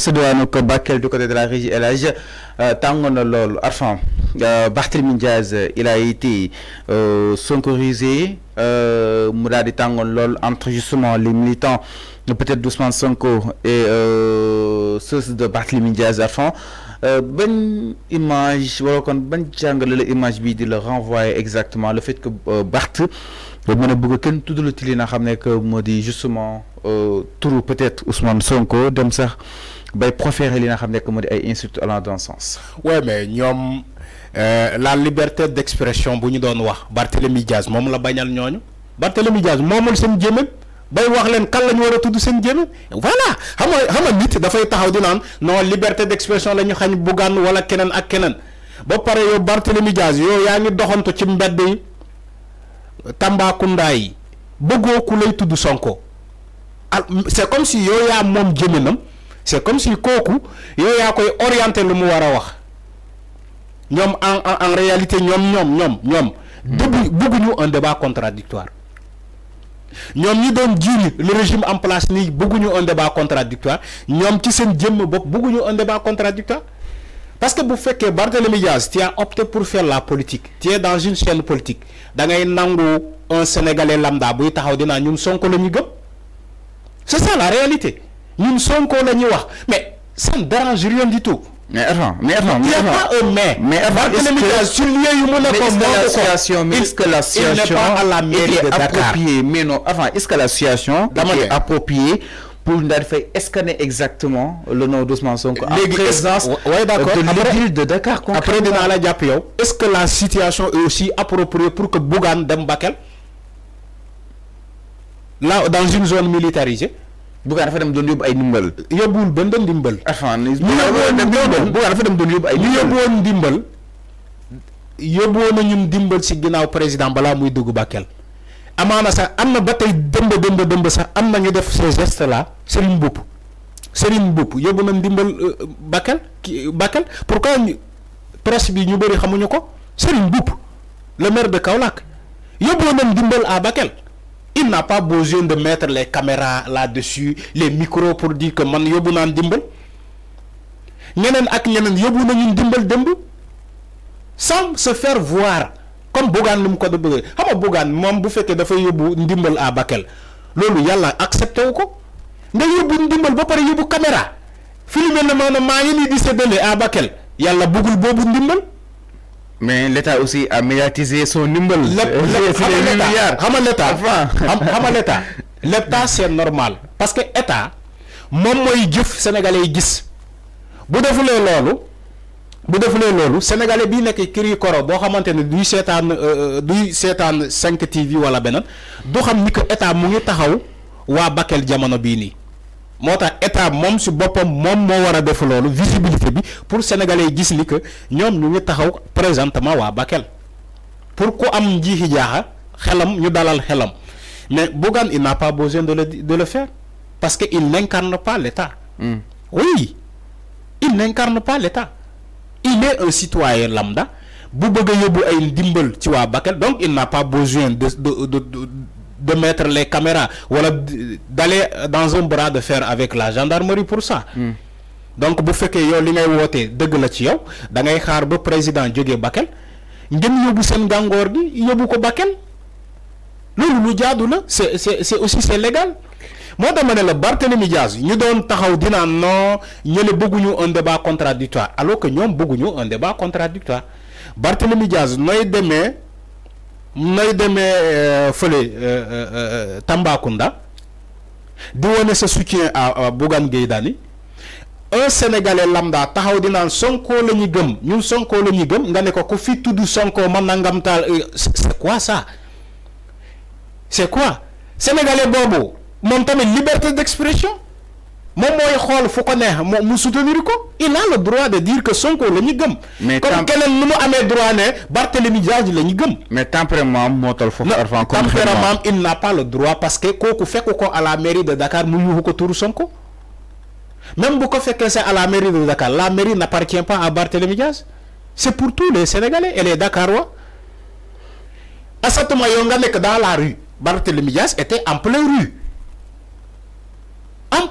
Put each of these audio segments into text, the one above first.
Sédouane ko Bakel du côté de la régie Tangon l'ol euh, tàngoon na Arfan euh, Barthélémy Diaz il a été euh, euh mu Tangon di entre justement les militants de peut-être d'Ousmane Sonko et ceux de Barthélémy Diaz Arfan bonne image wala kon bonne l'image image bi renvoie exactement le fait que Barth je ne bëgg pas tuddalati li nga que moo justement justement tout peut-être Ousmane Sonko dem sax bay proféré li nga xam nekk moo di ay insultes dans sens. ouais mais euh, la liberté d'expression expression bu ñu doon wax Barthélemy Diaz la bañal ñooñu Barthélemy Diaz moomul seen jëmmet bay wax leen kan la wara tuddu seen jëm voilà xam nga xam nga nit fay taxaw di naan non liberté d'expression lañu la bu gan wala kenen ak kenen ba paré yo Barthélemy Diaz yow yaa doxantu ci mbedd yi tamba yi bëggoo ku lay tuddu Sonko c'est comme si yo y'a mom jëmminam c'est comme si Koku yow yaa koy orienté lu mu Nyom en en réalité nyom nyom nyom nyom. nous un débat contradictoire Nyom ñi doon jiiñ le régime en place ni bëgguñu un débat contradictoire ñoom ci seen jëmm bopp bëgguñu un débat contradictoire parce que vous bu que Barthélémy Diaz tu as opté pour faire la politique tu es dans une chaîne politique dans ngay Nango, un sénégalais lambda buy taxaw dinaa ñun Sonko la ñu c'est ça la réalité. Nous Sonko la ñuy wax mais ça ne dérange rien du tout. mais attends mais non, mais Il n'y a pas un mais mais est-ce que la situation mais est-ce que la situation est appropriée mais non avant est-ce que la situation est appropriée pour Est-ce qu'elle est exactement le nom d'Ousmane Sonko en présence de l'église de Dakar après de la jàpp yow est-ce que la situation est aussi appropriée pour que Bougan dem Bakel là dans une zone militarisée Bukan dafa dem doon yóbbu ay ndimbal. yóbbuwul ya benn ndimbal. Arfan ni ya Bouga dafa dem doon yóbbu ay. ndimbal ya ñu yóbbuwoon ndimbal. yóbbuwoon na ñun ndimbal si ginnaaw président bala muy dugg Bakel. amaana sax am batay dembe dembe dëmb dëmb sax am ñu def ces gestes là Serigne Mboup Serigne Mboup yóbbu na ndimbal euh, Bakel kii Bakel pourquoi presse bi ñu bëri xamuñu ko Serigne le maire de Kaolack yóbbuwoon na ndimbal a Bakel. il n'a pas besoin de mettre les caméras là-dessus les micros pour dire que man yobou nan dimbal ñeneen ak ñeneen yóbbu nañu dimbal sans se faire voir comme bougan lu mu ko da bëgg xam nga Bougane moom bu ndimbal à Bakel Lolo yalla accepte wu ko nga yobou ndimbal ba caméra filmé na maanaam maa ngi nii di à Bakel Yalla bëggul boobu ndimbal mais l'État aussi a médiatisé son nimble. xamal l'État xamal l'État l'État c'est normal parce que état moom mooy jëf sénégalais yi gis bu defulee loolu bu defulee loolu sénégalais bii nekk kiri koro boo xamante ne duy seetaan euh, euh, duy seetaan 5 TV wala beneen du xam ni que état mu ngi taxaw waa Bakel jamono bii nii. moo tax état moom si boppam moom moo war def loolu visibilité bi pour sénégalais yi gis ni que ñoom ñu taxaw présentement waa Bakel pour ku am njiixi jaaxa xelam ñu dalal xelam mais Bougane il n'a pas besoin de le de le faire parce que il n'incarne pas l'État. Hmm. oui il n'incarne pas l'État il est un citoyen lambda bu bëgg a yóbbu ay ndimbal ci waa Bakel donc il n'a pas besoin de de de de mettre les caméras, ou d'aller dans un bras de fer avec la gendarmerie pour ça. Hmm. donc vous vous avez li ngay wootee dëgg la ci yow da ngay président Bakel ngeen yóbbu seen gàngoor gi yóbbu ko Bakel loolu lu c'est c'est aussi c'est légal dans ne Diaz ñu non un débat contradictoire alors que nous un débat contradictoire Diaz nay les feulé Tambacounda di se soutien à Bougane un sénégalais lambda taxaw di Sonko lañu ñun Sonko les ko Sonko man euh, c'est quoi ça c'est quoi sénégalais Bobo. moom tamit liberté d'expression il a le droit de dire que Sonko la ñu mais comme keneen mu droit Barthélemy Diaz la ñu mais tempérament moo toll foofu. tempérament il n'a pas le droit parce que kooku fekk ko à la mairie de Dakar mu yuuxu ko turu Sonko même bu ko que c'est à la mairie de Dakar la mairie n'appartient pas à Barthélemy Diaz c'est pour tous les Sénégalais et les Dakarois asatuma yow dans la rue Barthélemy Diaz était en pleine rue. En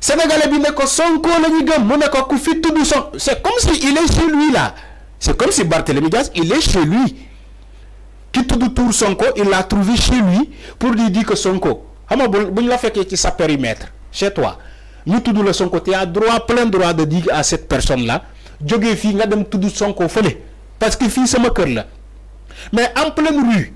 sénégalais bi ne ko Sonko la ñu gëm mu ne ko ku fi tudd son c'est comme si il est chez lui là c'est comme si Barthélémy Diaz il est chez lui ki tudd tour Sonko il l'a trouvé chez lui pour lui dire que Sonko xam nga bu la fekkee ci sa périmètre chez toi ñu tudd la Sonko tu as droit plein droit de dire à cette personne là jógee fii nga dem tudd Sonko fële parce que fii sama kër la mais en pleine rue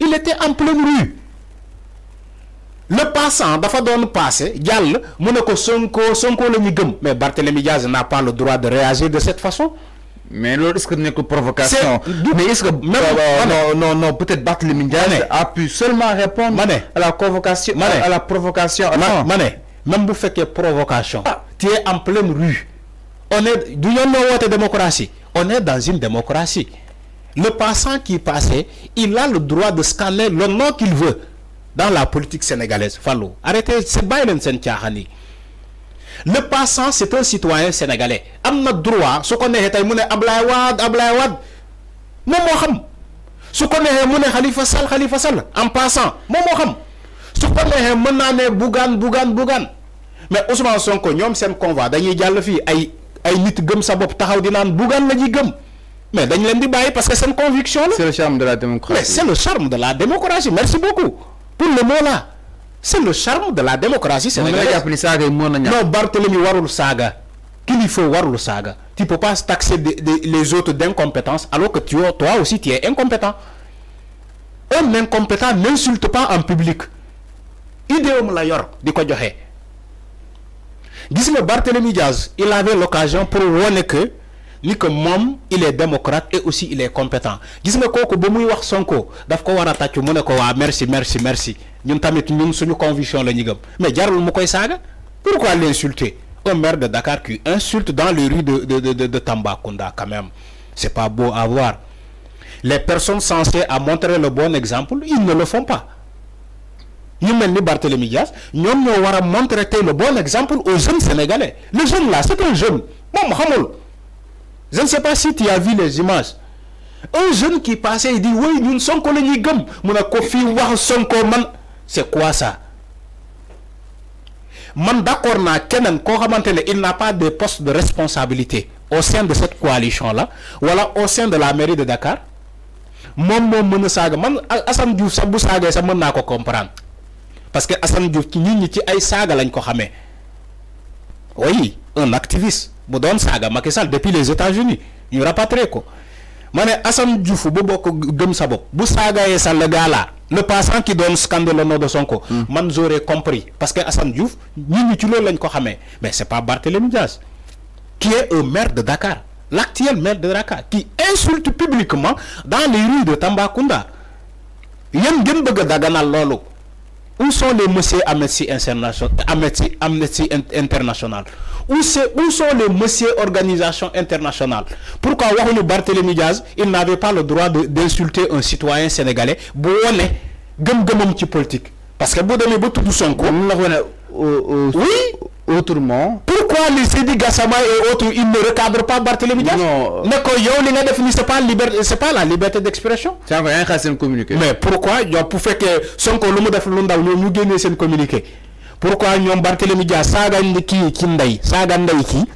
il était en pleine rue le passant dafa donne passé Yal monaco Sonko Sonko le migum, mais Barthélémy Diaz n'a pas le droit de réagir de cette façon. mais le risque n'est que provocation. mais est-ce que. Ah bah, non non non peut-être Barthélémy Diaz a pu seulement répondre. à la convocation. à la provocation. Mané, mané, même bu faites provocation. Ah. tu es en pleine rue. on est du y'a démocratie on est dans une démocratie le passant qui passait, il a le droit de scanner le nom qu'il veut dans la politique sénégalaise. Fallo. Arrêtez, c'est Biden Sentiahani. Le passant, c'est un citoyen sénégalais. Il a le droit, ce qu'on est, il a Ablaye Wad, Ablaye Wad. Moi, moi, su mon Khalifa Sal, Khalifa Sal, en passant moom moo xam est, ko neexee mën bougan, bougan. Bougane mais Ousmane Sonko convoi mais dañ leen di parce que c'est une conviction c'est le charme de la démocratie c'est le charme de la démocratie merci beaucoup pour le mot là c'est le charme de la démocratie. le ça non Barthélemy warul Qu'il faut warul saga tu peux pas taxer les autres d'incompétence alors que toi aussi tu es incompétent un incompétent n'insulte pas en public idéom la yor di ko Dis-moi Barthélemy Diaz il avait l'occasion pour wane que ni que il est démocrate et aussi il est compétent gis nga koko ba muy wax Sonko daf ko war tatchu tàccu mu ne ko wa merci merci merci ñun tamit ñun suñu conviction la mais jarul mu koy saga pourquoi l'insulter un maire de Dakar qui insulte dans les rues de de de de Tambacounda quand même c'est pas beau à voir les personnes censées à montrer le bon exemple ils ne le font pas nous même ni Barthélémy Dias nous ñoo montrer le bon exemple aux jeunes sénégalais le jeune là c'est un jeune xamul. Je ne sais pas si tu as vu les images. Un jeune qui passait, il dit Oui, nous sommes C'est quoi ça d'accord il n'a pas de poste de responsabilité au sein de cette coalition-là, voilà au sein de la mairie de Dakar. mon suis d'accord saga, man Assam Diouf sax bu saga, ça ko comprendre parce que Assam Diouf ci nit ñi ci ay saaga lañ oui un activiste mu doon saaga Macky Sall depuis les États-Unis il ñu aura ko ma ne Assane Diouf bu bokk gëm sa bopp bu saagaayee ça le gars là le passant qui donne scandale au nom de Sonko hmm. man j'aurais compris parce que Assane Diouf ñun ñu ci loolu lañ ko xamee mais c'est pas Barthélémy Diaz qui est un maire de Dakar l'actuel maire de Dakar qui insulte publiquement dans les rues de Tambacounda yéen ngeen bëgg a daganal loolu où sont les messieurs Amnesty International Amnesty Amnesty International où, où sont les messieurs organisations internationales Pourquoi Wahounou Barthélémy Diaz, il n'avait pas le droit d'insulter un citoyen sénégalais Bouane, gum petit politique. Parce que Boudemé son Sonko. Oui autrement. Pourquoi les Sidi Gassama et autres, ils ne recadrent pas Barthélémy Diaz Non. Mais quand ils ne définissent pas, c'est pas la liberté d'expression. C'est un hein, communiqué. Mais pourquoi Pour faire que son le monde nous gagnons ce communiqué. pourquoi ñoom Barthélemy Dias saagaan kii ci ndey saaga ndey kii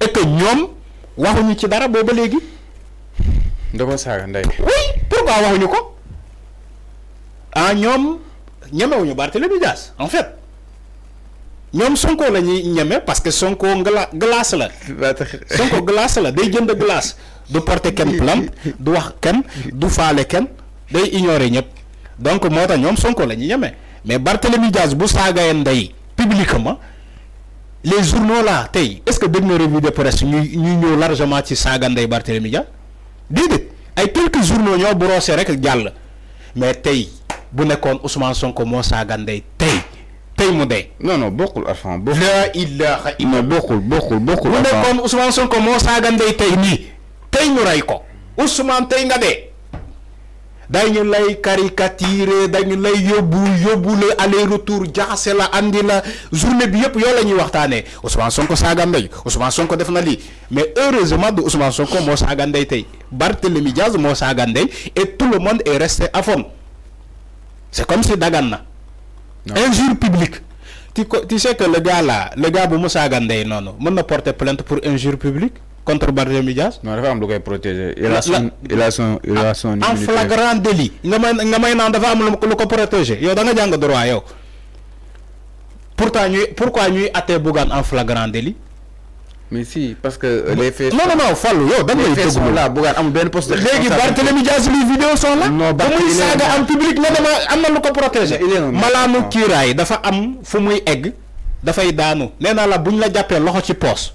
et que ñoom waxuñu ci dara booba léegi. dafa saaga ndey. oui pourquoi waxuñu ko ah ñoom ñemewuñu Barthélemy Dias en fait ñoom Sonko la ñuy ñeme parce que Sonko gla glace la. Sonko glace la day jënd glace. du porter kenn plainte du wax kenn du faale kenn day ignorer ñëpp donc moo tax ñoom Sonko la ñuy ñeme. mais Barthélémy Diaz bu saagayee publiquement les journaux là tey est-ce que dégg na revue de presse ñu ñuy largement ci saaga ndey Barthélémy Diaz déedéet ay quelques journaux ñoo brossé rek jall mais tey bu nekkoon Ousmane Sonko mo saaga ndey tey tey mu non non bokul Arfan bokkul. laa ilaaha illa bokul bokul bokkul. bu nekkoon Ousmane Sonko mo saaga ndey tey ni tey ñu ray ko Ousmane tey nga dé dañu lay caricaturer dañu lay yóbbu yóbbu boulet aller retour jaxase la andi la journée bi les yo la ñuy Ousmane Sonko Sagandey, ndey Ousmane Sonko def na mais heureusement de Ousmane Sonko mo saaga ndey et Barthélémy Diaz moussa gander et tout le monde est resté à fond c'est comme si dagan na. injure publique. tu sais que le gars là le gars bu Moussa non non, noonu mën plainte pour injure publique. contre Barthélemy Dias non dafa am lu koy protéger il a son il a son il a son en flagrant délit nga may nga may naan dafa am lu ko protéger yow da nga não droit yow pourtant ñuy pourquoi ñuy atte Bougane en flagrant délit mais si parce que les faits non non non Fallou yow da nga lay déglu là Bougane amul benn poste de léegi Barthélemy Dias li vidéo son la ba muy saaga en public ne dama am na lu ko protéger malaamu kiiraay dafa am fu muy egg dafay daanu nee la buñ la jàppee loxo ci poos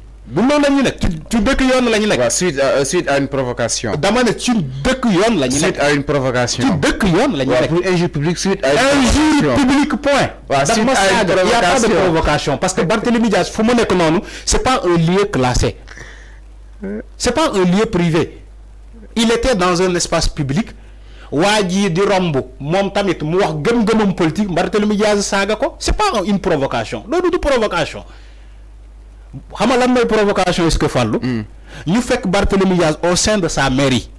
la suite à euh, suite à une provocation. dama ne ci la suite à une provocation. ci dëkk yoon la injure public, suite à une provocation injure public point. waaw suite y' a pas de provocation parce que Barthélémy Dias fu mu nous c'est pas un lieu classé c'est pas un lieu privé il était dans un espace public wadi de di romb moom tamit mu wax gëm-gëmam politique Barthélémy Dias saaga quoi pas une provocation loolu une provocation xam nga mooy provocation est-ce que Fallou. Hmm. ñu fekk Barthélemy Diaz au sein de sa mairie.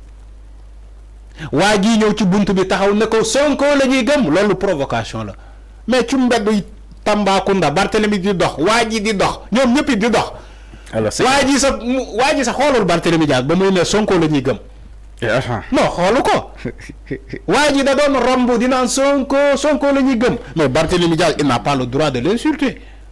waa jii ñëw ci buntu bi taxaw ne ko Sonko la ñuy gëm loolu provocation la mais ci mbedd yi Tambacounda Barthélemy di dox waa ji di dox ñoom ñëpp di dox. waa ji sa waa ji sa xoolul Barthélemy Diaz ba muy ne Sonko la ñuy gëm. Eh, non xoolu ko waa ji da doon romb di naan Sonko Sonko la ñuy gëm mais Barthélemy Diaz il n'a pas le droit de l'insulter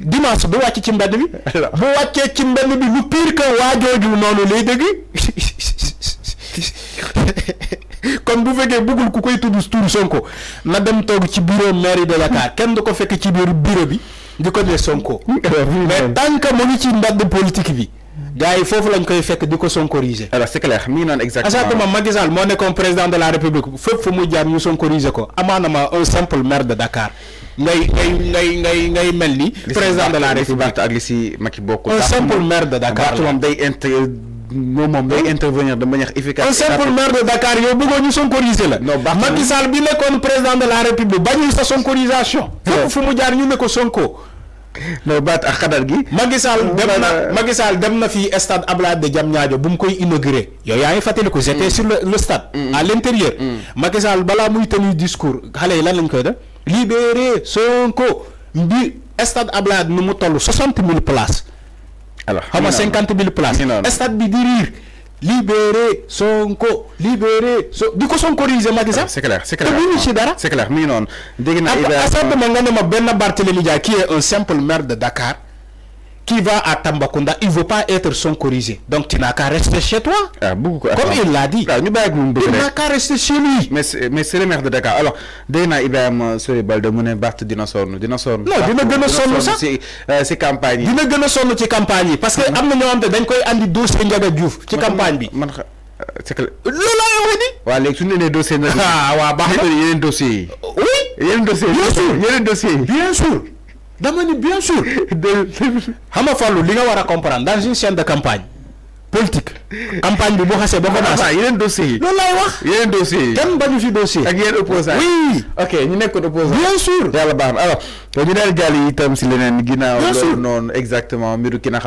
dimanche bu wàcc ci mbedd bi bu wàccee ci mbedd bi lu pire que waajooju noonu lay dëgg kon bu fekkee bëggul ku koy tudd turu Sonko na dem toog ci bureau mairie de Dakar kenn du ko fekk ci biir bureau bi di ko ne Sonko mais tant que mu ngi ci mbedd politique bi gars yi foofu lañ koy fekk di ko sonkoriser. alors c'est clair mi ngi naan moo nekkoon président de la république fépp fu mu jaar ñu sonkoriser ko amaana ma un simple maire de Dakar mais ngay ngay ngay président de la République simple maire de Dakar tu intervenir de manière efficace. un simple maire de Dakar la. Macky Sall bi président de la République sa son mu jaar ñu ne no bat ak Macky Sall magasin Macky stade j'étais mm. sur le stade. Mm. à l'intérieur. Mm. Macky Sall muy discours à lan lañ libérez Sonko bi stade Ablaye nu mu toll soixante mille place alors xam nga cinquante mille places. stade bi di riir libérez Sonko libérez so di ko sonkoriser Macky Sall. c'est clair c'est clair te dara. c'est clair mi ngi noonu. dégg naa Ibrahima nga ne ma benn Barthélémy Dias qui est un simple maire de Dakar. qui va à Tambacounda, il ne veut pas être son corrigé. Donc tu n'as qu'à rester chez toi. Ah, Comme il l'a dit. Tu ah, il qu'à rester chez lui. Mais, c'est le maire de Dakar. Alors, Dena bal de Bart Non, Dina ça. C'est euh, campagne. Dina c'est campagne. Parce que mm-hmm. campagne. C'est que. Il y a un dossier. Il y a un dossier. Il a un dossier. Bien sûr. dama ni bien sûr xam nga Fallou li nga war a comprendre dans une chaîne de campagne politique campagne bi boo xasee ba commencé yeneen dossiers yi yeneen dossiers yi kenn bañu fi dossier ak yeneen opposants oui ok ñu nekkoon opposant bien sûr yàlla baax na alors ñu daal jàll itam si leneen ginnaaw loolu noonu exactement mbiru ki na